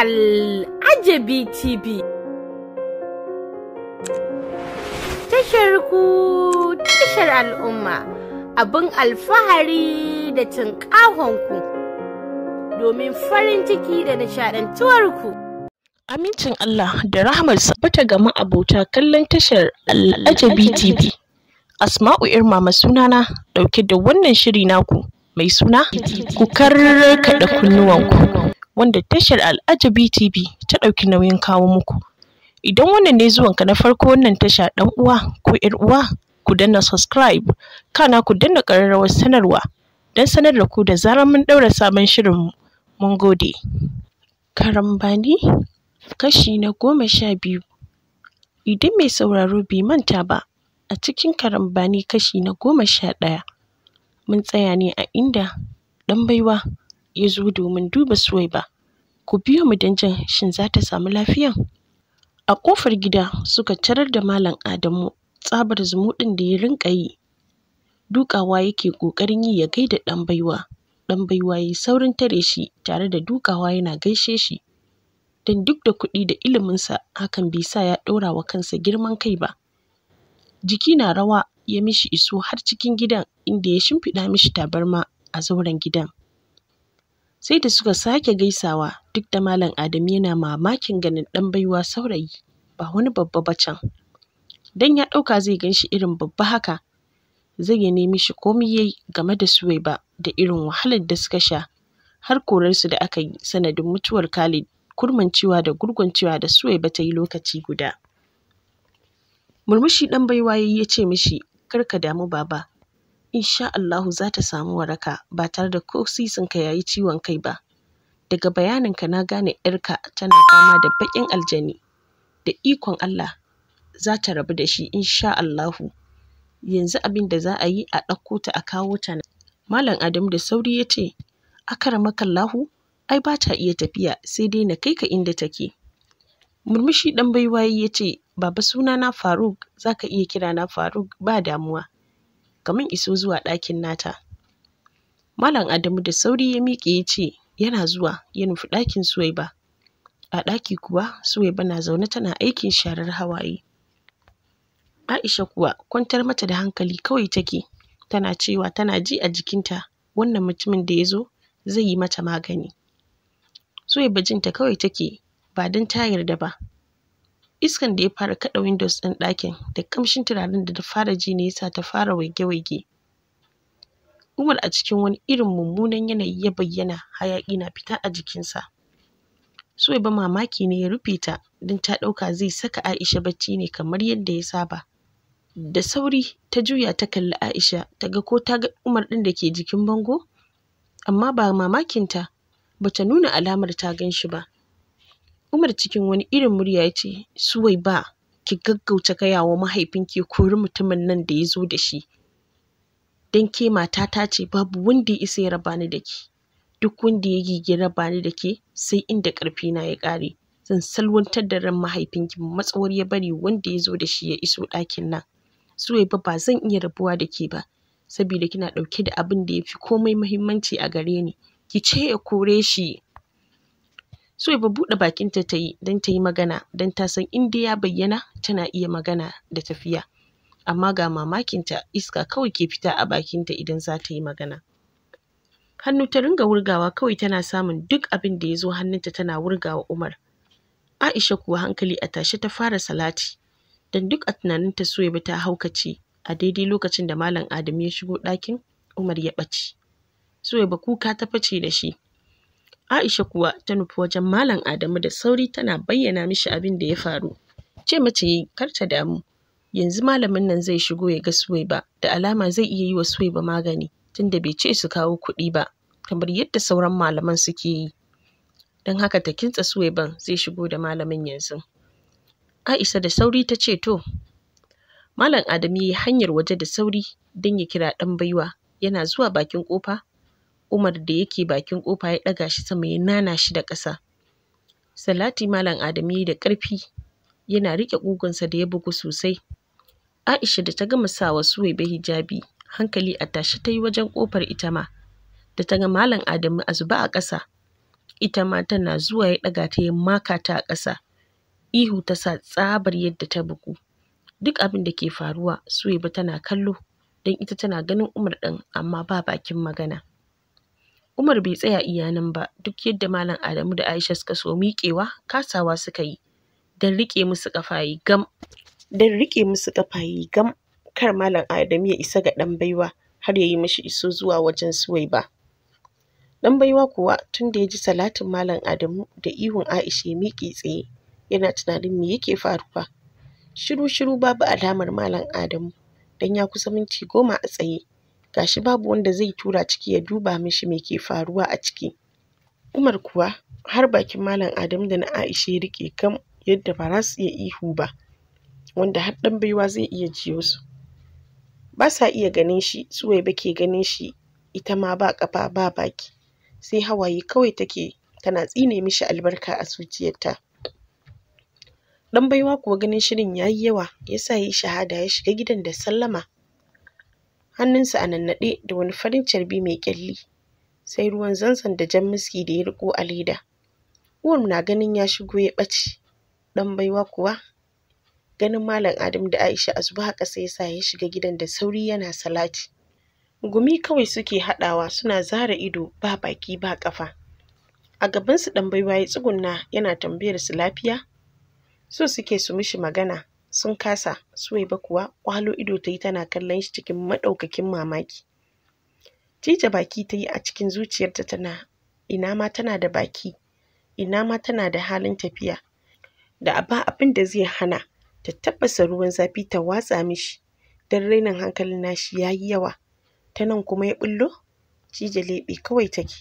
Al'ajabi TV. Tashar ku tashar al'umma abin alfahari da ku domin farin ciki da nishaɗantuwarku. Amincin Allah da rahmarsa bata gama abota kallon tashar Al'ajabi TV. Asma'u Irma sunana dauke da wannan shiri naku mai suna ku karkaɗa kunnuwanku. wanda tashar Al'ajabi TV ta ɗauki nauyin kawo muku. Idan wannan ne zuwanka na farko wannan tasha ɗan uwa ko ‘yar uwa ku danna subscribe kana ku danna ƙararrawar sanarwa don sanar da ku da zarar mun ɗaura sabon shirin mun gode. Karambani kashi na goma sha biyu. Idan mai sauraro bai manta ba a cikin karambani kashi na goma sha ɗaya mun tsaya ne a inda ɗan baiwa ya zo domin duba suwai ba Ku biyo mu don jin shin za ta samu lafiyan? A ƙofar gida suka carar da Malam Adamu tsabar zumuɗin da ya rinƙa yi. Dukawa yake ƙoƙarin yi ya gaida ɗan baiwa. Ɗan baiwa ya saurin tare shi tare da dukawa yana gaishe shi. Don duk da kuɗi da iliminsa hakan bai sa ya ɗora wa kansa girman kai ba. Jiki na rawa ya mishi iso har cikin gidan inda ya shimfiɗa mishi tabarma a zauren gidan. sai da suka sake gaisawa duk da malam adamu yana mamakin ganin dan baiwa saurayi ba wani babba ba can dan ya ɗauka zai ganshi irin babba haka zai ya nemi shi komai yayi game da Suwaiba da irin wahalar da suka sha har korarsu da aka yi sanadin mutuwar Khalid kurmancewa da gurguncewa da Suwaiba ta yi lokaci guda. Murmushi dan baiwa yayi ya ce mishi kar ka damu baba insha Allahu za ta samu waraka ba tare da ko sisinka ya yi ciwon kai ba. Daga bayaninka na gane ‘yarka tana fama da baƙin aljani, da ikon Allah za ta rabu da shi insha Allahu. Yanzu abin da za a yi a ɗauko ta a kawo ta nan. Malam Adamu da sauri ya ce, Akaramakallahu, ai ba ta iya tafiya sai dai na kai ka inda take. Murmushi ɗan baiwaye ya ce, Baba suna na Faruk, za ka iya kira na Faruk ba damuwa. kamin iso zuwa ɗakin nata malam adamu da sauri ya miƙe ya ce yana zuwa ya nufi ɗakin suwaiba a ɗaki kuwa suwaiba na zaune tana aikin sharar hawaye aisha kuwa kwantar mata da hankali kawai take tana cewa tana ji a jikinta wannan mutumin da ya zo zai yi mata magani suwaiba jinta kawai take ba don ta yarda ba Iskan da ya fara kaɗa windows ɗin ɗakin da kamshin turaren da ta fara ji ne yasa ta fara waige-waige. Umar a cikin wani irin mummunan yanayi ya bayyana hayaƙi na fita a jikinsa. Suwaiba mamaki ne ya rufe ta don ta ɗauka zai saka Aisha bacci ne kamar yadda ya saba. Da sauri ta juya ta kalli Aisha ta ga ko ta ga Umar ɗin da ke jikin bango, amma ba mamakinta ba ta nuna alamar ta gan shi ba. Umar cikin wani irin murya ya ce, Suwaiba, ki gaggauta gaya wa mahaifinki ya kori mutumin nan da ya zo da shi. Don ke matata ce babu wanda ya isa ya raba ni da ke. Duk wanda ya gigi raba ni da ke sai inda na ya ƙare. Zan salwantar da ran mahaifinki matsawar ya bari wanda ya zo da shi ya iso ɗakin nan. Suwaiba ba zan iya rabuwa da ke ba, saboda kina ɗauke da abin da ya fi komai muhimmanci a gare ni. Ki ce ya kore shi. Suwaiba buɗe bakinta ta yi don ta yi magana don ta san in ya bayyana tana iya magana da tafiya. Amma ga mamakinta iska kawai ke fita a bakinta idan za ta yi magana. Hannu ta ringa wurgawa kawai tana samun duk abin da ya zo hannunta tana wurgawa Umar. Aisha kuwa hankali a tashe ta fara salati don duk a tunaninta Suwaiba ta haukace a daidai lokacin da Malam Adamu ya shigo ɗakin Umar ya ɓace. Suwaiba kuka ta face da shi Aisha kuwa ta nufi wajen Malam Adamu da sauri tana bayyana mishi abin da ya faru. Ce mace yayi kar ta damu, yanzu malamin nan zai shigo ya ga Suwaiba da alama zai iya yi wa Suwaiba magani tunda bai ce su kawo kuɗi ba kamar yadda sauran malaman suke yi. Don haka ta kintsa Suwaiban zai shigo da malamin yanzu. Aisha da sauri ta ce to. Malam Adamu ya yi hanyar waje da sauri don ya kira ɗan baiwa yana zuwa bakin ƙofa Umar da yake bakin kofa ya ɗaga shi sama ya nana shi da ƙasa. Salati Malam Adamu da ƙarfi yana riƙe ƙugunsa da ya bugu sosai. Aisha da ta gama sawa Suwaiba hijabi hankali a tashe ta yi wajen ƙofar ita ma da ta ga Malam Adamu a zuba a ƙasa. Ita ma tana zuwa ya ɗaga ta ya maka ta a ƙasa. Ihu ta sa tsabar yadda ta bugu. Duk abin da ke faruwa Suwaiba tana kallo don ita tana ganin Umar ɗin amma ba bakin magana. Umar bai tsaya iya nan ba duk yadda Malam Adamu da Aisha suka so miƙewa kasawa suka yi don riƙe musu ƙafaye gam don riƙe musu ƙafaye gam kar Malam Adamu ya isa ga ɗan baiwa har ya yi mashi iso zuwa wajen Suwaiba. Ɗan baiwa kuwa tun da ya ji salatin Malam Adamu da ihun Aisha ya miƙe tsaye yana tunanin me yake faruwa. Shiru shiru babu alamar Malam Adamu don ya kusa minti goma a tsaye gashi babu wanda zai tura ciki ya duba mishi me ke faruwa a ciki Umar kuwa har bakin Malam Adamu da na Aisha ya riƙe kam yadda ba za su iya ihu ba wanda har ɗan baiwa zai iya jiyo su ba sa iya ganin shi Suwaiba ke ganin shi ita ma ba ƙafa ba baki sai hawaye kawai take tana tsine mishi albarka a zuciyarta ɗan baiwa kuwa ganin shirin yayi yawa yasa yi shahada ya shiga gidan da sallama hannunsa a nannaɗe da wani farin carbi mai ƙyalli. sai ruwan zanzan da jan miski da ya riko a leda uwar na ganin ya shigo ya ɓace ɗan baiwa kuwa ganin malam adam da aisha a zuba haka sai sa ya shiga gidan da sauri yana salati gumi kawai suke haɗawa suna zara ido ba baki ba ƙafa a gabansu ɗan baiwa ya tsugunna yana tambayar su lafiya so suke su mishi magana sun kasa Suwaiba kuwa kwalo ido ta yi tana kallon shi cikin maɗaukakin mamaki Cija baki ta yi a cikin zuciyarta tana ina ma tana da baki ina ma tana da halin tafiya da ba abin da zai hana ta tabbasa ruwan zafi ta watsa mishi don rainin hankalin nashi ya yi yawa ta nan kuma ya bullo cije leɓe kawai take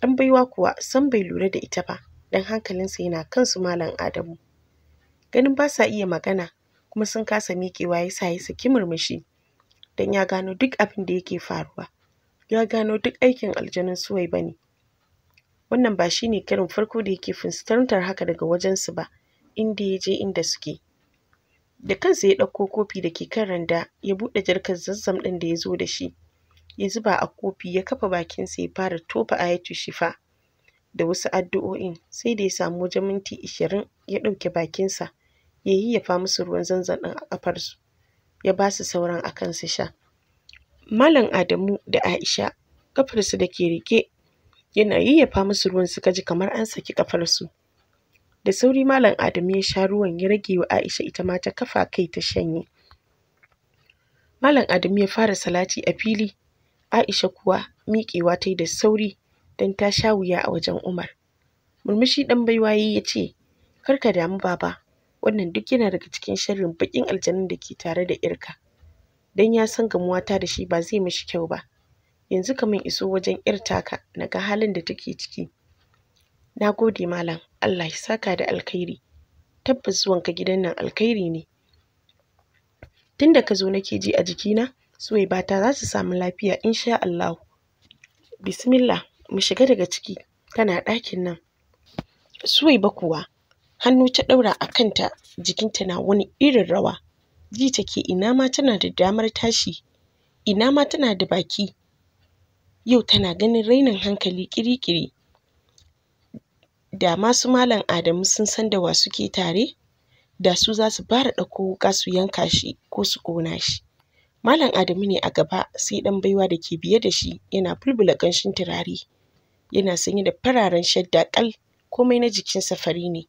ɗan baiwa kuwa san bai lura da ita ba don hankalinsa yana kansu su malam adamu ganin ba sa iya magana kuma sun kasa miƙewa ya sa ya saki murmushi don ya gano duk abin da yake faruwa ya gano duk aikin aljanun suwai ba ne wannan ba shi ne karin farko da yake fuskantar haka daga wajensu ba inda ya je inda suke da kansa ya ɗauko kofi da ke kan randa ya buɗe jarkar zazzam ɗin da ya zo da shi ya zuba a kofi ya kafa bakinsa ya fara tofa ayatu shifa da wasu addu'o'in sai da ya samu wajen minti ishirin ya ɗauke bakinsa ya yayyafa musu ruwan zanzan ɗin a ƙafarsu ya ba su sauran a kan su sha malam adamu da aisha ƙafarsu da ke rike yana yayyafa musu ruwan suka ji kamar an saki ƙafarsu da sauri malam adamu ya sha ruwan ya rage wa aisha ita ma ta kafa kai ta shanye malam adamu ya fara salati a fili aisha kuwa miƙewa ta yi da sauri don ta sha wuya a wajen umar murmushi ɗan baiwaye ya ce kar ka damu baba wannan duk yana daga cikin sharrin baƙin aljanun da ke tare da ‘yarka don ya san gamuwata da shi ba zai mishi kyau ba yanzu ka min iso wajen ‘yar taka na ga halin da take ciki na gode malam Allah ya saka da alkhairi tabbas zuwanka gidan nan alkhairi ne Tunda ka zo nake ji a jikina ta za su samu lafiya insha Allahu bismillah mu shiga daga ciki tana ɗakin nan Suwaiba kuwa hannu ta ɗaura a kanta jikinta na wani irin rawa ji take ina ma tana da damar tashi ina ma tana da baki yau tana ganin rainin hankali ƙiri da masu su malam Adamu sun san da wa suke tare da su za su fara ɗauko wuƙa su yanka shi ko su ƙona shi malam Adamu ne a gaba sai ɗan baiwa da ke biye da shi yana bulbula ƙanshin turare yana sanye da fararen shadda ƙal komai na jikin safari ne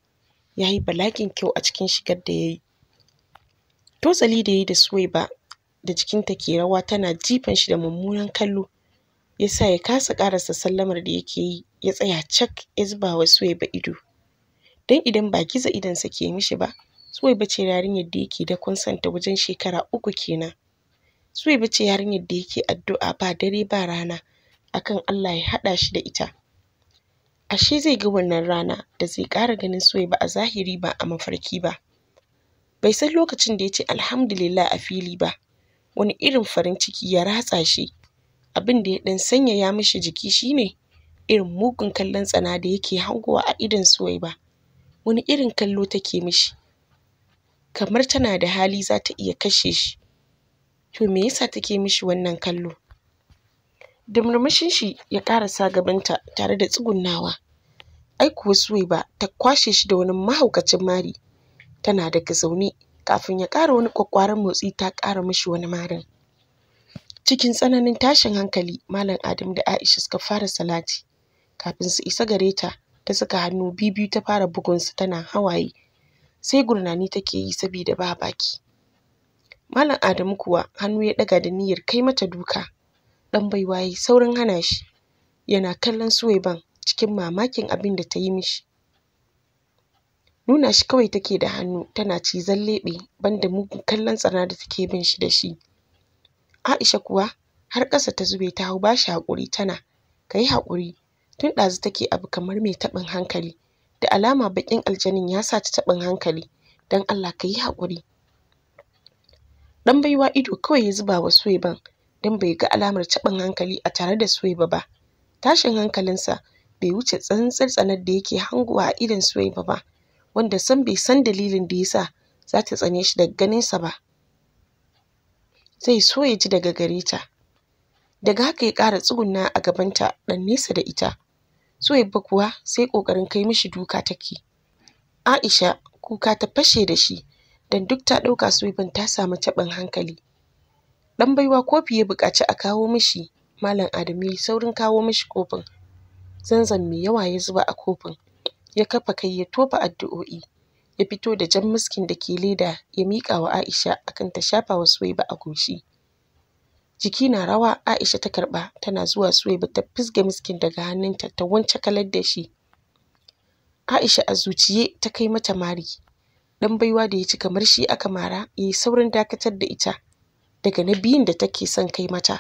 ya yi balagin kyau a cikin shigar da ya yi tozali da ya yi da suwaiba da jikinta ke rawa tana jifan shi da mummunan kallo ya sa ya kasa karasa sallamar da yake yi ya tsaya cak ya zubawa wa suwaiba ido don idan ba gizo idonsa ke mishi ba suwaiba ce yarinyar da yake da kunsanta wajen shekara uku kenan suwaiba ce yarinyar da yake addu'a ba dare ba rana akan Allah ya haɗa shi da ita Ashe zai ga wannan rana da zai ƙara ganin Suwaiba a zahiri ba a mafarki ba. Bai san lokacin da ya ce alhamdulillah a fili ba, wani irin farin ciki ya ratsa shi. Abin da ya ɗan sanyaya mishi jiki shine irin mugun kallon tsana da yake hangowa a idon Suwaiba. Wani irin kallo take mishi, kamar tana da hali za ta iya kashe shi. To me yasa take mishi wannan kallo? da murmushin shi ya ƙarasa gabanta tare da tsugunnawa ai kuwa suwaiba ta kwashe shi da wani mahaukacin mari tana daga zaune kafin ya ƙara wani kwakwaran motsi ta ƙara mishi wani marin cikin tsananin tashin hankali malam adam da aisha suka fara salati kafin su isa gare ta ta saka hannu biyu ta fara bugunsa tana hawaye sai gurnani take yi saboda ba baki malam adamu kuwa hannu ya daga da niyyar kai mata duka Ɗan baiwa ya saurin hana shi, yana kallon Suwaiban cikin mamakin abin da ta yi mishi. Nuna shi kawai take da hannu tana cizon leɓe banda da mugun kallon tsana da take bin shi da shi. Aisha kuwa har ƙasa ta zube ta hau bashi shi haƙuri tana, ka yi haƙuri, tun ɗazu take abu kamar mai taɓin hankali, da alama baƙin aljanin ya sa ta taɓin hankali, don Allah ka yi haƙuri. Ɗan baiwa ido kawai ya zuba wa Suwaiban don bai ga alamar taɓin hankali a tare da Suwaiba ba. Tashin hankalinsa bai wuce tsantsar tsanar da yake hangowa a idon Suwaiba ba, wanda sam bai san dalilin da yasa za ta tsane shi daga ganinsa ba. Zai so ya ji daga gare ta. Daga haka ya ƙara tsuguna a gabanta ɗan nesa da ita. Suwaiba kuwa sai ƙoƙarin kai mishi duka take. Aisha kuka ta fashe da shi don duk ta ɗauka Suwaiban ta samu taɓin hankali. Ɗan baiwa kofi ya buƙaci a kawo mishi, Malam Adamu ya saurin kawo mishi kofin. Zanzan mai yawa ya zuba a kofin, ya kafa kai ya tofa addu'o'i, ya fito da jan miskin da ke leda ya miƙa wa Aisha akan ta shafa wa Suwaiba a goshi. Jiki na rawa Aisha ta karɓa tana zuwa Suwaiba ta fisge miskin daga hannunta ta wance kalar da shi. Aisha a zuciye ta kai mata mari. Ɗan baiwa da ya ci kamar shi aka mara ya yi saurin dakatar da ita. daga na biyun da take son kai mata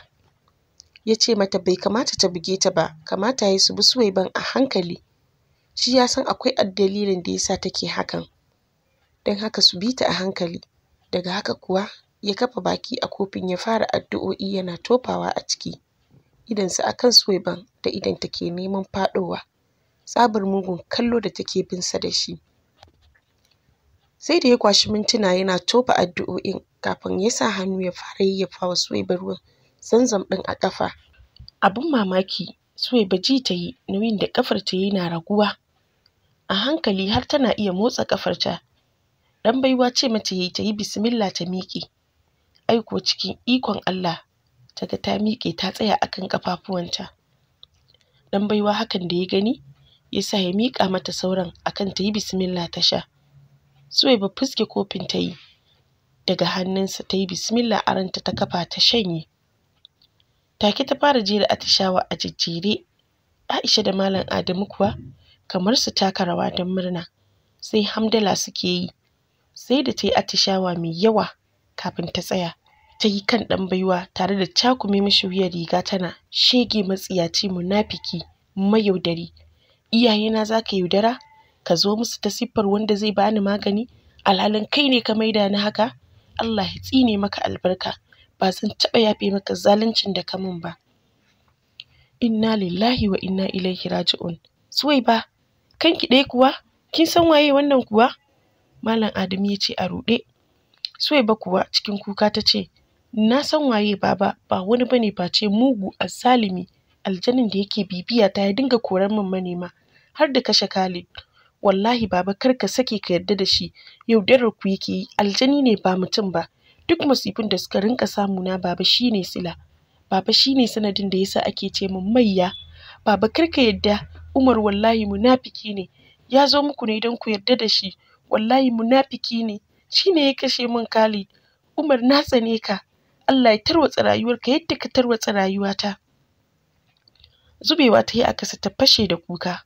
ya ce mata bai kamata ta buge ta ba kamata ya su bi suwaiban a hankali shi ya san akwai dalilin da ya sa take hakan don haka su bi ta a hankali daga haka kuwa ya kafa baki a kofin ya fara addu'o'i yana tofawa a ciki idansa a kan suwaiban da idan take neman faɗowa tsabar mugun kallo da take binsa da shi sai da ya kwashi mintuna yana tofa addu'o'in kafin ya sa hannu ya fara wa Suwaiba ruwan zamzam ɗin a ƙafa. Abin mamaki Suwaiba ji ta yi nauyin da ƙafar ta yi na raguwa. A hankali har tana iya motsa ƙafar ta. Dan baiwa ce mata yayi ta yi bismillah ta miƙe. Ai kuwa cikin ikon Allah ta ga ta miƙe ta tsaya akan ƙafafuwanta. Ɗanbaiwa baiwa hakan da ya gani ya sa ya miƙa mata sauran akan ta yi bismillah ta sha. Suwaiba fuske kofin ta yi daga hannunsa ta yi bismillah aranta ta kafa ta shanye take ta fara jera atishawa a jijjire aisha da malam adamu kuwa kamar su taka rawa don murna sai hamdala suke yi sai da ta yi atishawa mai yawa kafin ta tsaya ta yi kan ɗan baiwa tare da cakume mashi wuyar riga tana shege matsiyaci munafiki mayaudari iyayena za ka yaudara ka zo musu ta siffar wanda zai bani magani alhalin kai ne ka maida ni haka Allah ya tsine maka albarka ba zan taɓa yafe maka zaluncin da ka min ba inna lillahi wa inna ilaihi raji'un suwai ba kanki ɗaya kuwa kin san waye wannan kuwa malam adamu ya ce a ruɗe Suwaiba kuwa cikin kuka ta ce na san waye baba ba wani bane face mugu azzalimi aljanin da yake bibiya ta ya dinga koran min manema har da kashe Khalid wallahi baba kar ka sake ka yarda da shi yaudarar ku yake yi aljani ne ba mutum ba duk masifin da suka rinka samu na baba shine sila baba shine sanadin da yasa ake ce min mayya baba kar ka yarda Umar wallahi munafiki ne ya zo muku ne don ku yarda da shi wallahi munafiki ne shine ya kashe min Khalid Umar na tsane ka Allah ya tarwatsa rayuwarka yadda ka tarwatsa rayuwata zubewa ta yi a kasa ta fashe da kuka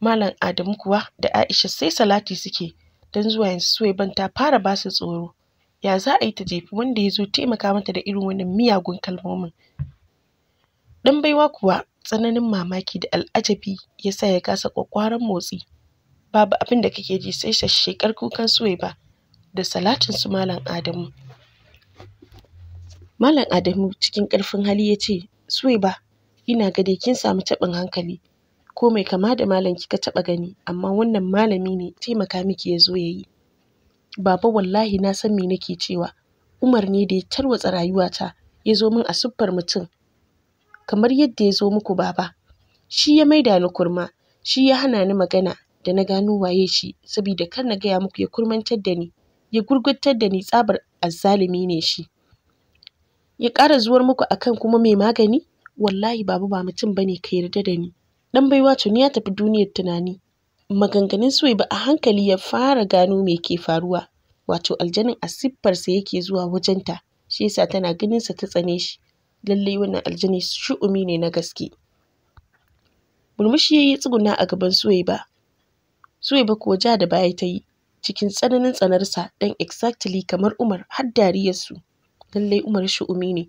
Malam Adamu kuwa da Aisha sai salati suke don zuwa yanzu ban ta fara ba su tsoro. Ya za a yi ta jefi wanda ya zo taimaka mata da irin wannan miyagun kalmomin. ɗan baiwa kuwa tsananin mamaki da al'ajabi ya sa ya kasa kwakwaran motsi. Babu abin da kake ji sai shashshekar kukan Suwaiba da salatin su Malam Adamu. Malam Adamu cikin ƙarfin hali ya ce, Suwaiba, ina ga kin samu taɓin hankali. ko mai kama da malam kika taɓa gani amma wannan malami ne taimaka miki ya zo ya yi baba wallahi na san me nake cewa Umar ne da ya tarwatsa rayuwata ya zo min a siffar mutum kamar yadda ya zo muku baba shi ya maida ni kurma shi ya hana ni magana da na gano waye shi saboda kar na gaya muku ya kurmantar da ni ya gurguntar da ni tsabar azzalumi ne shi ya ƙara zuwar muku akan kuma mai magani wallahi baba ba mutum ba ne, ka yarda da ni ɗan baiwa tuni ya tafi duniyar tunani maganganun Suwaiba a hankali ya fara gano me ke faruwa wato aljanin a siffarsa yake zuwa wajenta shi yasa tana ganin sa ta tsane shi lallai wannan aljani shu'umi ne na gaske murmushi yayi tsuguna a gaban Suwaiba Suwaiba kuwa ja da baya ta yi cikin tsananin tsanarsa dan exactly kamar Umar har dariyar su lallai Umar shu'umi ne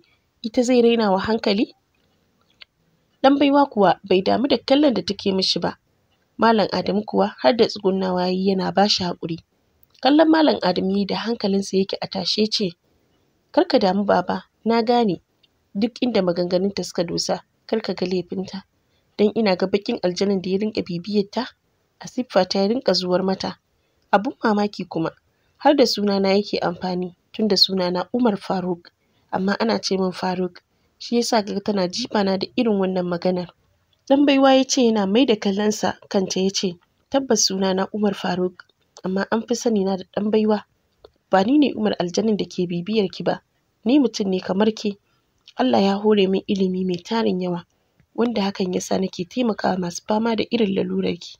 ita zai rainawa hankali Dan baiwa kuwa bai damu da kallon da take mishi ba. Malam Adamu kuwa har da tsugunnawa yayi yana ba shi haƙuri. Kallon Malam Adamu yi da hankalinsa yake a tashe ce, Kar ka damu baba, na gane duk inda maganganunta suka dosa, kar ka ga laifinta. dan ina ga bakin aljanan da ya rinƙa bibiyarta, a siffa ta ya rinƙa zuwar mata. Abun mamaki kuma, har da sunana yake amfani, tunda sunana Umar Faruk, amma ana ce min Faruk. shi yasa kaga tana na da irin wannan maganar dan baiwa ya yana mai da kallonsa kanta yace tabbas suna na Umar Faruk amma an fi sani na da dan baiwa ba ni ne Umar aljanin da ke bibiyar ki ba ni mutum ne kamar ki Allah ya hore min ilimi mai tarin yawa wanda hakan yasa nake taimakawa masu fama da irin lalurar ki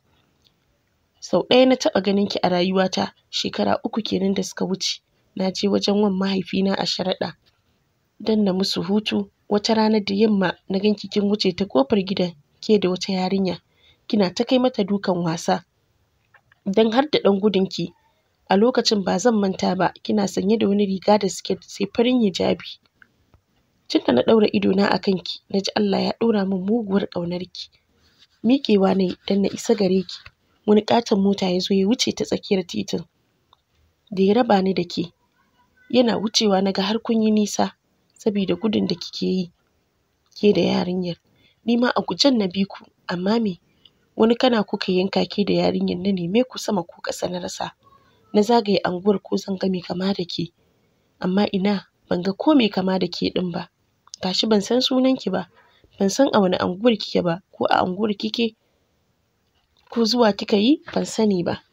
sau ɗaya na taɓa ganin ki a rayuwata shekara uku kenan da suka wuce na je wajen wan mahaifina a sharaɗa Dan na musu hutu wata rana da yamma na ganki kin wuce ta ƙofar gidan ke da wata yarinya kina ta kai mata dukan wasa dan har da ɗan gudun ki a lokacin ba zan manta ba kina sanye da wani riga da siket sai farin hijabi tunda na ɗaura ido na kanki na ji Allah ya ɗora min muguwar ƙaunar ki miƙewa na dan na isa gare ki wani ƙaton mota ya zo ya wuce ta tsakiyar titin da ya raba ni da ke yana wucewa na ga har kun yi nisa saboda gudun da kike yi ke da yarinyar nima a gujen na bi ku amma me wani kana kuka yanka ke da yarinyar na neme ku sama ko ƙasa na rasa na zagaye anguwar ko zan ga me kama da ke amma ina ban ga ko me kama da ke ɗin ba gashi ban san sunan ki ba ban san a wani anguwar kike ba ko a anguwar kike ko zuwa kika yi ban sani ba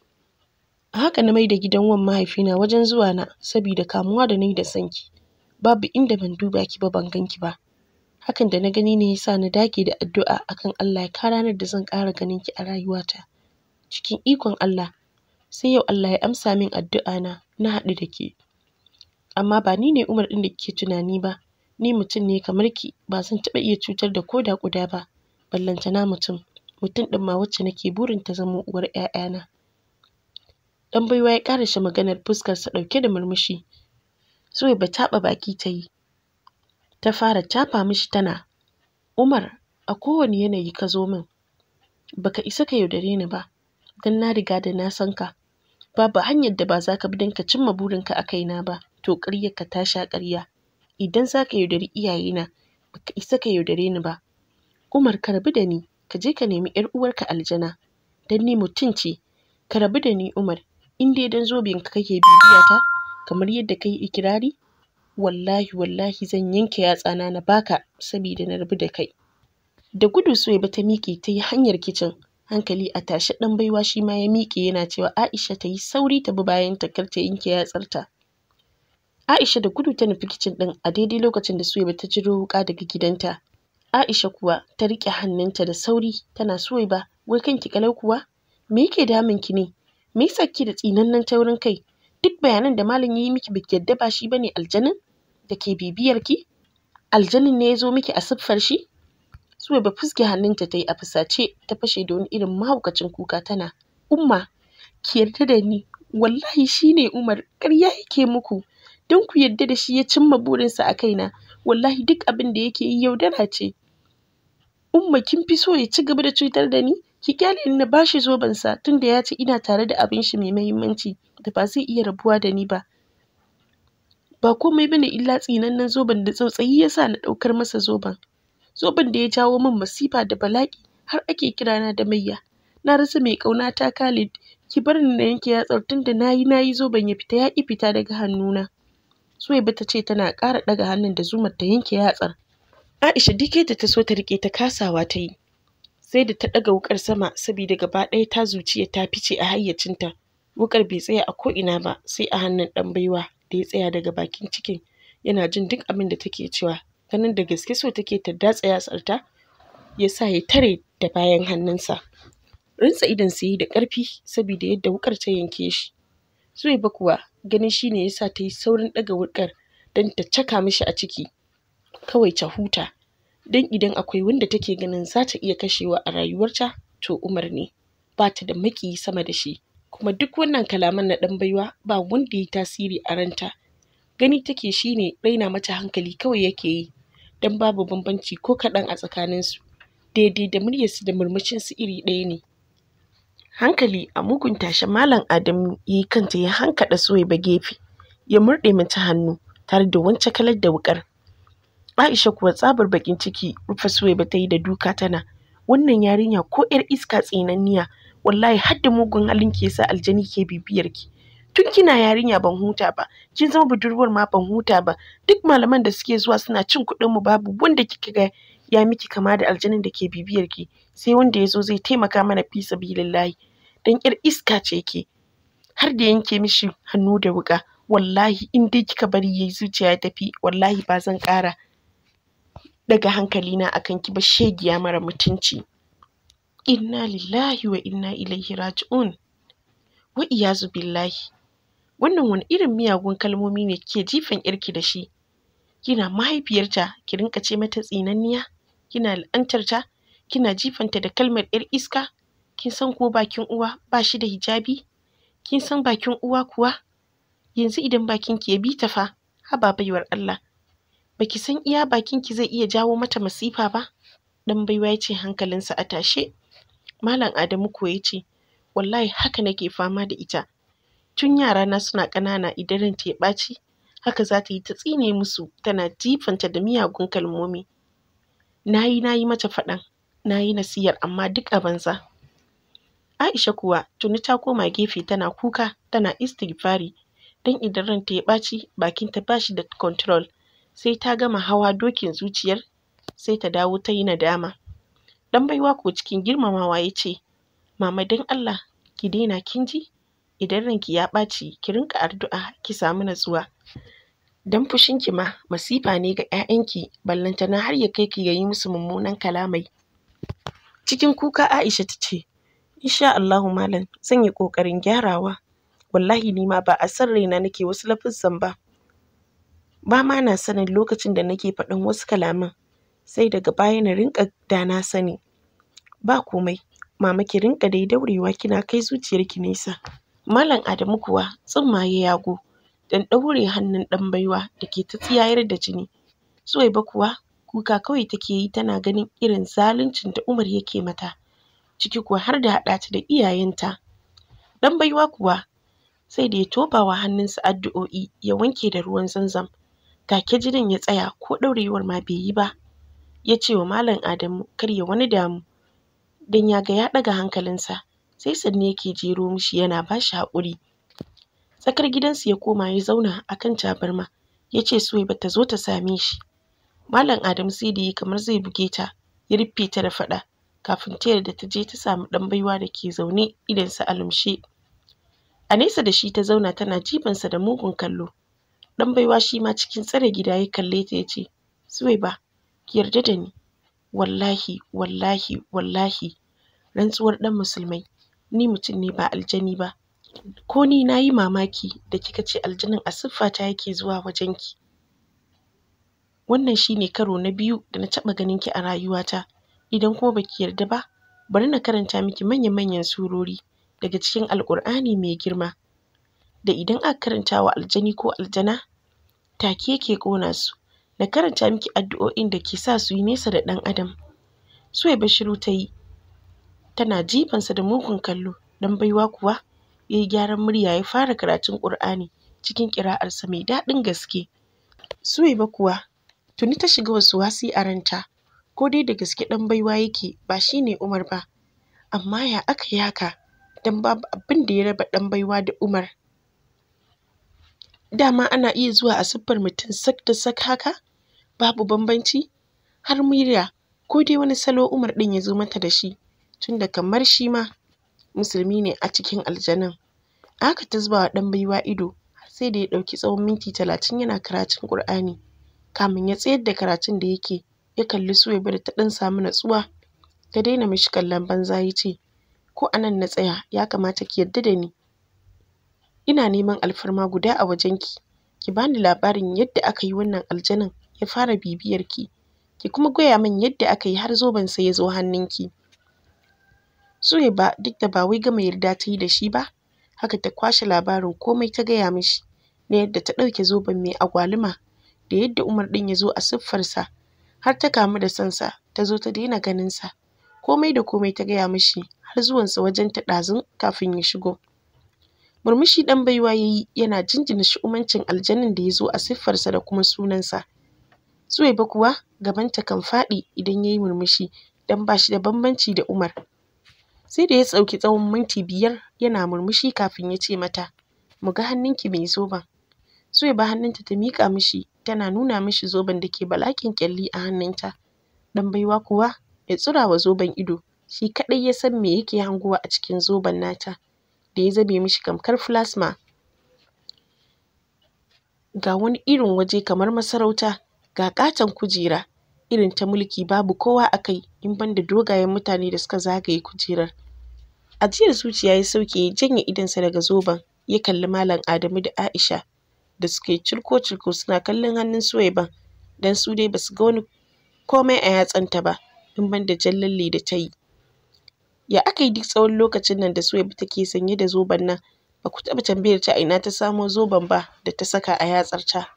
a haka na maida gidan wan mahaifina wajen zuwa na saboda kamuwa da nayi da sanki. babu inda ban duba ki ba ban ganki ba hakan da na gani ne yasa na dage da addu'a akan Allah ya kara ranar da zan kara ganin ki a rayuwata cikin ikon Allah sai yau Allah ya amsa min addu'a na na haɗu da ke amma ba ni ne Umar ɗin da kike tunani ba ni mutum ne kamar ki ba zan taɓa iya cutar da koda ƙuda ba na mutum mutum ɗin ma wacce nake burin ta zama uwar 'ya'yana. Ɗan baiwa ya ƙarashe maganar fuskarsa ɗauke da murmushi ba taɓa baki ta yi ta fara tafa mishi tana Umar a kowane yanayi ka zo min baka isa ka yaudare ni ba don na riga da na san ka babu hanyar da ba za ka bi don ka cimma burinka a kaina ba to ka ta sha ƙarya idan za ka yaudari iyayena baka isa ka yaudare ni ba Umar ka rabu da ni ka je ka nemi ‘yar uwarka aljana don ni mutum ce ka rabu da ni Umar in dai don zobenka kake bibiya ta kamar yadda ka yi ikirari wallahi wallahi zan yanke yatsana na baka sabida na rabu da kai da gudu Suwaiba ta miƙe ta yi hanyar kicin hankali a tashe ɗan baiwa shi ma ya miƙe yana cewa Aisha ta yi sauri ta bi bayan ta kar ta yanke yatsarta Aisha da gudu ta nufi kicin ɗin a daidai lokacin da Suwaiba ta ciro wuƙa daga gidanta Aisha kuwa ta riƙe hannunta da sauri tana Suwaiba wai kanki kalau kuwa me yake damun ki ne me yasa kike da tsinannen taurin kai duk bayanan da malam yi miki baki yadda ba shi bane aljanin da ke bibiyar ki aljanin ne ya zo miki a siffar shi Suwaiba fuske hannunta ta yi a fusace ta fashe da wani irin mahaukacin kuka tana umma ki yarda da ni wallahi shi ne Umar ƙarya yake muku don ku yarda da shi ya cimma burinsa a kaina wallahi duk abin da yake yi yaudara ce umma kin fi so ya ci gaba da cutar da ni Ki kyale ni na bashi sa, tunda ya ce ina tare da abin shi mai mahimmanci da ba zai iya rabuwa da ni ba. Ba komai bane illa tsinannen zoben da tsautsayi ya sa na ɗaukar masa zoben. Zoben da ya jawo min masifa da bala'i har ake kirana da mayya. Na rasa mai ta Khalid, ki bar ni na yanke yatsar tunda nayi nayi zoben ya fita ya ƙi fita daga hannuna. ba ta ce tana ƙara ɗaga hannun da zumar ta yanke yatsar. Aisha duk yadda ta so ta riƙe ta kasawa ta yi. sai da ta ɗaga wukar sama sabida gaba ɗaya ta zuciya ta fice a hayyacinta wukar bai tsaya a ko'ina ba sai a hannun ɗan baiwa da ya tsaya daga bakin cikin yana jin duk abin da take cewa ganin da gaske so take ta datsa yatsarta ya sa ya tare da bayan hannunsa rinsa idon sai da ƙarfi saboda yadda wukar ta yanke shi ba kuwa ganin shine ne ya sa ta yi saurin ɗaga wukar don ta caka mishi a ciki kawai ta huta don idan akwai wanda take ganin za ta iya kashewa a rayuwarta to Umar ne ba ta da maƙiyi sama da shi kuma duk wannan kalaman na ɗan baiwa ba wanda ya tasiri a ranta gani take shi ne raina mata hankali kawai yake yi don babu bambanci ko kaɗan a tsakaninsu daidai da muryarsu da murmushinsu iri ɗaya ne hankali a mugun tashe malam adamu yi kanta ya hankaɗa suwai ba gefe ya murɗe mata hannu tare da wancan kalar da wukar Aisha kuwa tsabar bakin ciki rufe ba ta yi da duka tana wannan yarinya ko yar iska tsinanniya wallahi har da mugun halin ke sa aljani ke bibiyar ki tun kina yarinya ban huta ba kin zama budurwar ma ban huta ba duk malaman da suke zuwa suna cin kuɗin mu babu wanda kika ga ya miki kama da aljanin da ke bibiyar ki sai wanda ya zo zai taimaka mana fi sabilillahi dan yar iska ce ke har da yanke mishi hannu da wuka wallahi in dai kika bari yayi zuciya ya tafi wallahi ba zan ƙara hankali hankalina a kanki ba shegiya mara mutunci inna lillahi wa inna ilaihi raji'un wa iyazu billahi wannan wani irin miyagun kalmomi ne ke jifan yarki da shi kina mahaifiyarta ki rinka ce mata tsinanniya kina la'antarta kina jifanta da kalmar yar iska kin san ko bakin uwa ba shi da hijabi kin san bakin uwa kuwa yanzu idan bakin ki ya bi ta fa haba baiwar Allah baki san iya bakin ki zai iya jawo mata masifa ba dan baiwa ya ce hankalinsa a tashe malam adamu ko ya ce wallahi haka nake fama da ita tun yara na suna ƙanana idan ranta ya ɓaci haka za ta yi ta tsine musu tana jifanta da miyagun kalmomi na yi na yi mata faɗan na yi nasiyar amma duk a banza Aisha kuwa tuni ta koma gefe tana kuka tana istighfari don idan ranta ya ɓaci bakinta ba shi da control sai ta gama hawa dokin zuciyar sai ta dawo ta yi nadama. Ɗan baiwa ko cikin girmamawa ya ce, Mama don Allah ki daina kin ji? Idan ranki ya ɓaci ki rinka addu'a ki samu natsuwa. Don fushinki ma masifa ne ga 'ya'yanki ballantana har ya kai ki ga yi musu mummunan kalamai. Cikin kuka Aisha ta ce, Insha Allahu malam zan yi ƙoƙarin gyarawa. Wallahi ni ma ba a san raina nake wasu lafuzzan ba. Ba ma na sanin lokacin da nake faɗin wasu kalaman, sai daga baya na rinƙa da na sani. Ba komai, Mama ki rinƙa dai daurewa kina kai zuciyarki nesa. Malam Adamu kuwa tsumma ya yago, don ɗaure hannun ɗan baiwa da ke ta tsiyayar da jini. Suwaiba kuwa kuka kawai take yi tana ganin irin zaluncin da Umar yake mata, ciki kuwa har da haɗa ta da iyayenta. Ɗan baiwa kuwa sai da ya tofa wa hannunsa addu'o'i ya wanke da ruwan zamzam. take jinin ya tsaya ko ɗaurewar ma bai yi ba ya ce wa malam adamu kar ya wani damu don ya ga ya ɗaga hankalinsa sai sannu yake jero mishi yana ba shi haƙuri tsakar gidansu ya koma ya zauna a kan tabarma ya ce Suwaiba ta zo ta same shi malam adamu sai da yi kamar zai buge ta ya rufe ta da faɗa kafin ta yarda ta je ta samu ɗan baiwa da ke zaune idonsa a lumshe a nesa da shi ta zauna tana jibansa da mugun kallo Ɗan baiwa shi ma cikin tsare gida ya kalle ta ya ce, Suwaiba, ki yarda da ni. Wallahi, wallahi, wallahi, rantsuwar ɗan musulmai, ni mutum ne ba aljani ba. Ko ni na yi mamaki da kika ce aljanin a siffata yake zuwa wajen ki? Wannan shine karo na biyu da na taɓa ganin ki a rayuwata. Idan kuma baki yarda ba, bari na karanta miki manya-manyan surori daga cikin Alƙur'ani mai girma. da idan aka karanta wa aljani ko aljana take yake ƙona su na karanta miki addu'o'in da ke sa su yi nesa da ɗan adam suwai bashiru ta yi tana jifansa da mugun kallo dan baiwa kuwa ya yi gyaran murya ya fara karatun ƙur'ani cikin ƙira'arsa mai daɗin gaske suwaiba kuwa tuni ta shiga wasu wasi a ranta ko dai da gaske ɗan baiwa yake ba shi ne umar ba amma ya aka yi haka dan babu abin da ya raba ɗan baiwa da umar dama ana iya zuwa a siffar mutum sak da sak haka babu bambanci har murya ko dai wani salo Umar ɗin ya zo mata da shi tunda kamar shi ma musulmi ne a cikin aljanun haka ta zuba wa ɗan baiwa ido sai da ya ɗauki tsawon minti talatin yana karatun Ƙur'ani kamin ya tsayar da karatun da yake ya kalli su ya da ta ɗan samu natsuwa ta daina mishi kallon banza ya ce ko a nan na tsaya ya kamata ki yarda da ni ina neman alfarma guda a wajen ki ki bani labarin yadda aka yi wannan aljanin ya fara bibiyar ki ki kuma gaya min yadda aka yi har zoben sa ya zo hannun hannunki ba duk da ba wai gama yarda ta yi da shi ba haka ta kwashe labarin komai ta gaya mishi na yadda ta ɗauke zoben mai agwaluma da yadda Umar ɗin ya zo a siffarsa har ta kamu da sonsa ta zo ta daina ganinsa komai da komai ta gaya mishi har zuwansa wajen ta ɗazun kafin ya shigo Murmushi baiwa ya yi yana jinjina shu'umancin aljanun da ya zo a siffarsa da kuma sunansa. Suwaiba kuwa gabanta kan faɗi idan ya yi murmushi don ba shi da bambanci da Umar. Sai da ya sauki tsawon minti biyar yana murmushi kafin ya ce mata, mu ga hannunki mai zoben. Suwaiba hannunta ta miƙa mishi tana nuna mishi zoben da ke balakin kyalli a hannunta. baiwa kuwa ya tsura wa zoben ido, shi kaɗai ya san me yake hangowa a cikin zoben nata. da ya zame mishi kamkar plasma. ga wani irin waje kamar masarauta ga ƙaton kujera irin ta mulki babu kowa a kai in banda dogayen mutane da suka zagaye kujerar ajiyar zuciya ya sauke ya janye idonsa daga zoben ya kalli malam Adamu da Aisha da suke cirko-cirko suna kallon hannun Suwaiban dan su dai basu ga wani komai a yatsanta ba in banda jan lalle da ta yi. Ya aka yi duk tsawon lokacin nan da Suwaiba take sanye da zoben nan ba ku taɓa tambayar ta a ina ta samo zoben ba da ta saka a yatsar ta?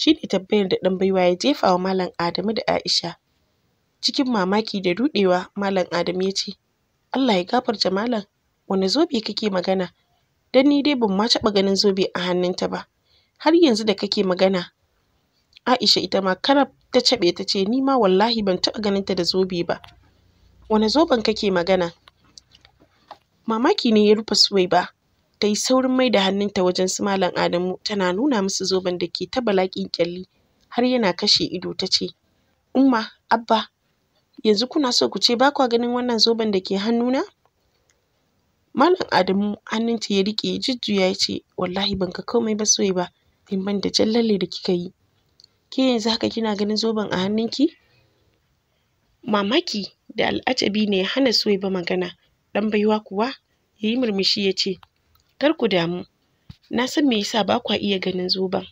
Shi ne tambayar da ɗan baiwa ya jefa wa Malam Adamu da Aisha. Cikin mamaki da ruɗewa Malam Adamu ya ce, Allah ya gafarta Malam, wane zobe kake magana? Dan ni dai ban ma taɓa ganin zobe a hannun ta ba. Har yanzu da kake magana, Aisha ita ma karab ta caɓe ta ce ni ma wallahi ban taɓa ganin ta da zobe ba. wane zoben kake magana mamaki ne ya rufe Suwaiba ta yi saurin mai da hannunta wajen su Malam Adamu tana nuna musu zoben da ke ta balaƙin ƙyalli har yana kashe ido ta ce Umma Abba yanzu kuna so ku ce ba kwa ganin wannan zoben da ke hannuna Malam Adamu hannunta ya riƙe ya jujjuya ya ce wallahi ban ka komai ba Suwaiba in ban da jallalle da kika yi ke yanzu haka kina ganin zoben a hannunki mamaki da al'ajabi ne ya hana Suwaiba magana. Ɗan baiwa kuwa ya yi murmushi ya ce, Kar ku damu, na san me yasa ba kwa iya ganin zoben.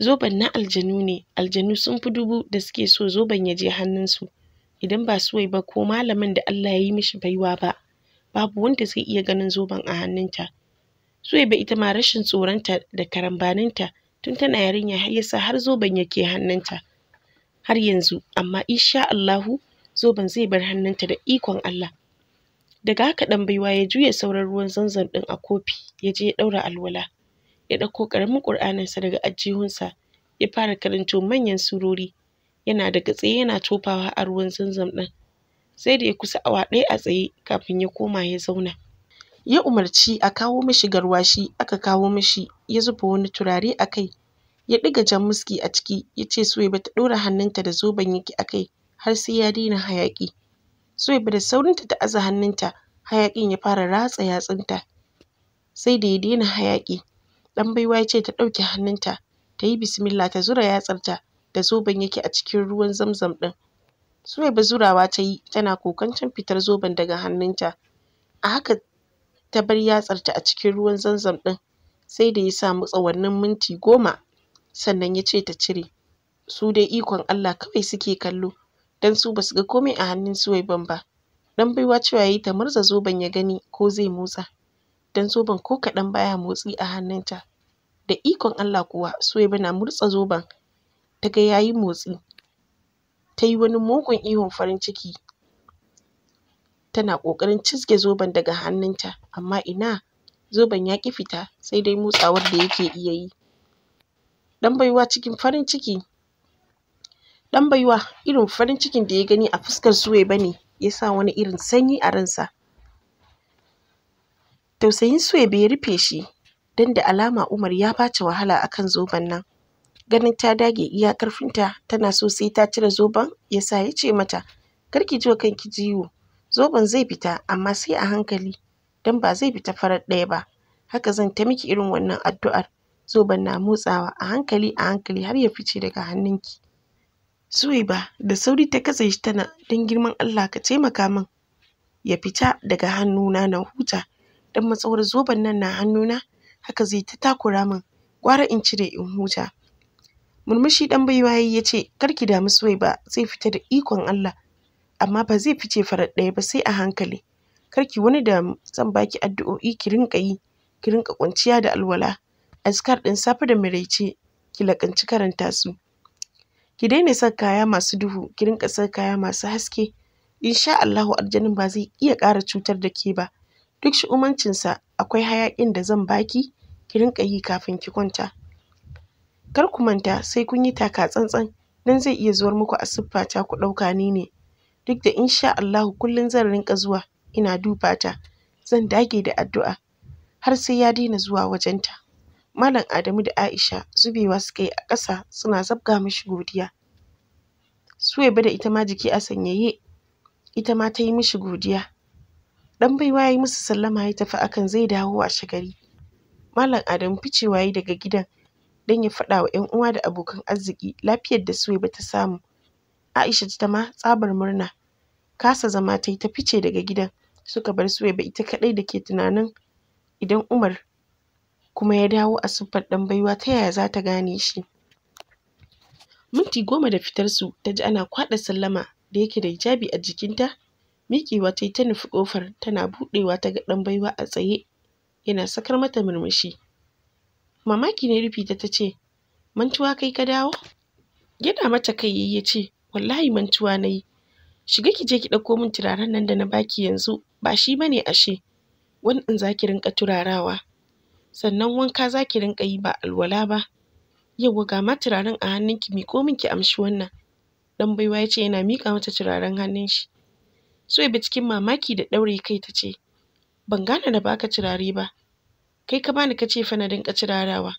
Zoben na aljanu ne, aljanu sun fi dubu da suke so zoben ya je hannunsu. Idan ba Suwaiba ko malamin da Allah ya yi mishi baiwa ba, babu wanda zai iya ganin zoben a hannunta. ba ita ma rashin tsoronta da karambaninta tun tana yarinya har yasa har zoben yake hannunta. har yanzu amma insha Allahu zoben zai bar hannunta da ikon Allah daga haka dan baiwa ya juya sauran ruwan zanzan ɗin a kofi ya je ya ɗaura alwala ya ɗauko ƙaramin ƙur'aninsa daga ajihunsa ya fara karanto manyan surori yana daga tsaye yana tofawa a ruwan zanzan ɗin sai da ya kusa awa ɗaya a tsaye kafin ya koma ya zauna ya umarci a kawo mishi garwashi aka kawo mishi ya zuba wani turare a kai ya ɗiga jan muski a ciki ya ce Suwaiba ta ɗora hannunta da zoben yake a kai har sai ya daina hayaƙi. Suwaiba da saurinta ta aza hannunta hayaƙin ya fara ratsa yatsunta sai da ya daina hayaƙi. Ɗan baiwa ya ce ta ɗauke hannunta ta yi bismillah ta zura yatsarta da zoben yake a cikin ruwan zamzam ɗin. Suwaiba zurawa ta yi tana kokancin fitar zoben daga hannunta. A haka ta bar yatsarta a cikin ruwan zamzam ɗin sai da ya samu tsawannin minti goma. sannan ya ce ta cire. Su dai ikon Allah kawai suke kallo don su ba su ga komai a hannun Suwaiban ba. Ɗan baiwa cewa ya yi ta murza zoben ya gani ko zai motsa. Don zoben ko kaɗan baya motsi a hannunta. Da ikon Allah kuwa Suwaiba na murza zoben ta ga ya yi motsi. Ta yi wani mugun ihun farin ciki tana ƙoƙarin cizge zoben daga hannunta amma ina zoben ya ƙi fita sai dai motsawar da yake iya yi. ɗan baiwa cikin farin ciki ɗan baiwa irin farin cikin da ya gani a fuskar Suwaiba ne ya sa wani irin sanyi a ransa tausayin Suwaiba ya rufe shi don da alama Umar ya bace wahala a kan zoben nan ganin ta dage iya ƙarfinta tana so sai ta cire zoben ya sa ya ce mata kar ki jiwa kanki jiwo zoben zai fita amma sai a hankali don ba zai fita farar ɗaya ba haka zan ta miki irin wannan addu'ar Zoben na motsawa a hankali a hankali har ya fice daga hannunki. Suwaiba da sauri ta katse shi tana don girman Allah ka taimaka min ya fita daga hannuna na huta don matsawar zoben nan na hannuna haka zai ta takura min gwara in cire in huta. Murmushi ɗan baiwa ya ce ki damu Suwaiba zai fita da ikon Allah amma ba zai fice farat ɗaya ba sai a hankali. Kar ki wani da zan baki addu'o'i ki rinka yi ki rinƙa kwanciya da alwala. Askar ɗin safe da maraice ki laƙanci karanta su ki daina son kaya masu duhu ki rinka son kaya masu haske insha Allahu aljanin ba zai iya ƙara cutar da ke ba duk shi'umancinsa akwai hayaƙin da zan baki ki rinka yi kafin ki kwanta kar ku manta sai kun yi taka tsantsan dan zai iya zuwar muku a siffata ku ɗauka ni ne duk da insha Allahu kullum zan rinka zuwa ina duba ta zan dage da addu'a har sai ya daina zuwa wajenta Malam Adamu da Aisha zubewa suka yi a ƙasa suna zabga mishi godiya. Suwaiba da ita ma jiki a sanyaye ita ma ta yi mishi godiya. Ɗan baiwa ya yi musu sallama ya tafi akan zai dawo a gari. Malam Adamu ficewa ya yi daga gidan don ya faɗa wa ‘yan uwa da abokan arziki lafiyar da Suwaiba ta samu. Aisha ta ma tsabar murna kasa zama ta yi ta fice daga gidan suka bar Suwaiba ita kaɗai da ke tunanin idan Umar kuma ya dawo a siffar ɗan baiwa ta yaya za ta gane shi minti goma da fitar su ta ji ana kwaɗa sallama da yake da hijabi a jikinta miƙewa ta yi ta nufi ƙofar tana buɗewa ta ga ɗan baiwa a tsaye yana sakar mata murmushi mamaki ne rufi ta ta ce mantuwa kai ka dawo gyaɗa mata kai ya ce wallahi mantuwa na yi shiga ki je ki ɗauko min turaren nan da na baki yanzu ba shi bane ashe wannan za ki rinƙa turarawa sannan wanka za ki rinƙa yi ba alwala ba yauwa ga ma turaren a ki miƙo min ki amshi wannan ɗan baiwa ya ce yana miƙa mata turaren hannun shi Suwaiba cikin mamaki da ɗaure kai ta ce ban gane da baka turare ba kai ka bani ka ce fa na dinka turarawa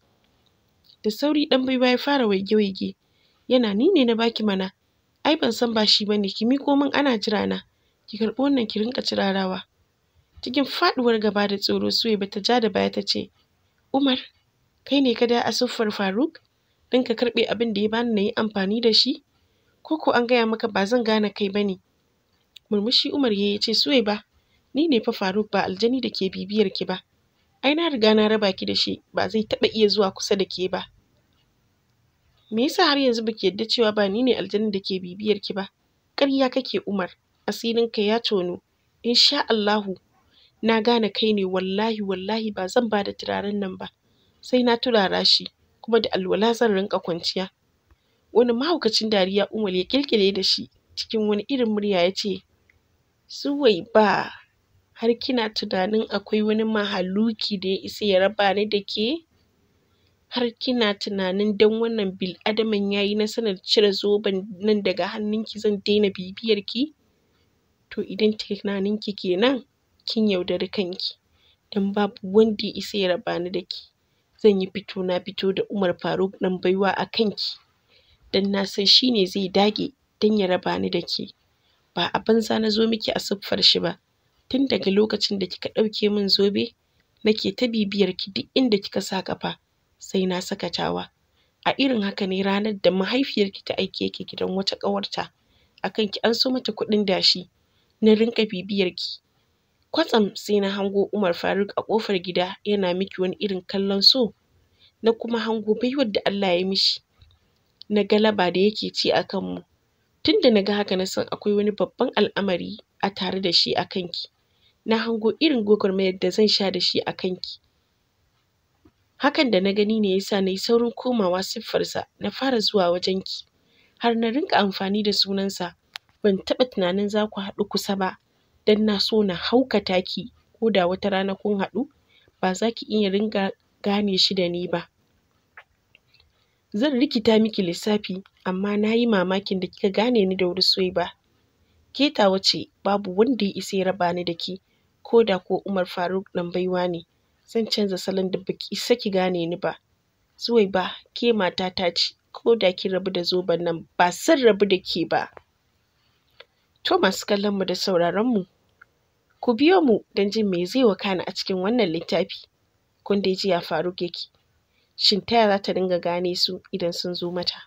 da sauri ɗan baiwa ya fara waige-waige yana ni ne na baki mana ai ban san ba shi ba ne ki miƙo min ana jira na ki karɓi wannan ki rinƙa turarawa cikin faɗuwar gaba da tsoro Suwaiba ta ja da baya ta ce Umar, kai ne ka da asuffar Faruk don ka karɓe abin da ya bani na yi amfani da shi? Ko ko an gaya maka ba zan gane kai ba ne? Murmushi Umar ya ce suwai ba, ni ne fa Faruk ba aljani da ke bibiyar ki ba. Ai na riga na raba ki da shi ba zai taɓa iya zuwa kusa da ke ba. Me yasa har yanzu baki yarda cewa ba ni ne aljanin da ke bibiyar ki ba? Ƙarya kake Umar, asirinka ya tono. Insha Allahu na gane kai ne wallahi wallahi ba zan ba da turaren nan ba sai na turara shi kuma da alwala zan rinka kwanciya wani mahaukacin dariya umar ya kirkire da shi cikin wani irin murya ya ce suwai ba har kina tunanin akwai wani mahaluki da ya isa ya raba ni da ke har kina tunanin dan wannan bil adaman ya yi nasarar cire zoben nan daga hannunki zan daina bibiyarki? to idan tunaninki kenan kin yaudari kanki dan babu wanda ya isa ya raba ni da ke. Zan yi fito na fito da Umar Faruk ɗan baiwa a kanki Dan nasan san shi ne zai dage dan ya raba ni da ke. Ba a banza na zo miki a siffar shi ba. Tun daga lokacin da kika ɗauke min zobe nake ta bibiyar ki duk inda kika sa kafa sai na sakatawa. A irin haka ne ranar da mahaifiyarki ta aike ki gidan wata ƙawarta akan ki an so mata kuɗin dashi na rinka bibiyar ki Kwatsam sai na hango Umar Faruk a ƙofar gida yana miki wani irin kallon so, na kuma hango baiwar da Allah ya mishi na galaba da yake ci a kanmu. Tun da na ga haka na san akwai wani babban al'amari a tare da shi a kanki. Na hango irin gwagwarmayar da zan sha da shi a kanki. Hakan da na gani ne yasa sa na saurin komawa siffarsa na fara zuwa wajen ki. Har na rinƙa amfani da sunansa, ban taɓa tunanin za ku haɗu kusa ba. dan na so na haukata ki ko da wata rana kun haɗu ba za ki iya ringa gane shi da ni ba zan rikita miki lissafi amma na yi mamakin da kika gane ni da wuri Suwaiba ke wace ce babu wanda ya isa ya raba ni da ke ko da ko Umar Faruk ɗan baiwa ne zan canza salon da baki isa ki gane ni ba Suwaiba ke mata ta ce ko da ki rabu da zoben nan ba san rabu da ke ba To masu kallon mu da sauraron mu, ku biyo mu don jin me zai wakana a cikin wannan littafi. Kun dai ji ya Faruk yake. Shin ta yaya za ta dinga gane su idan sun zo mata?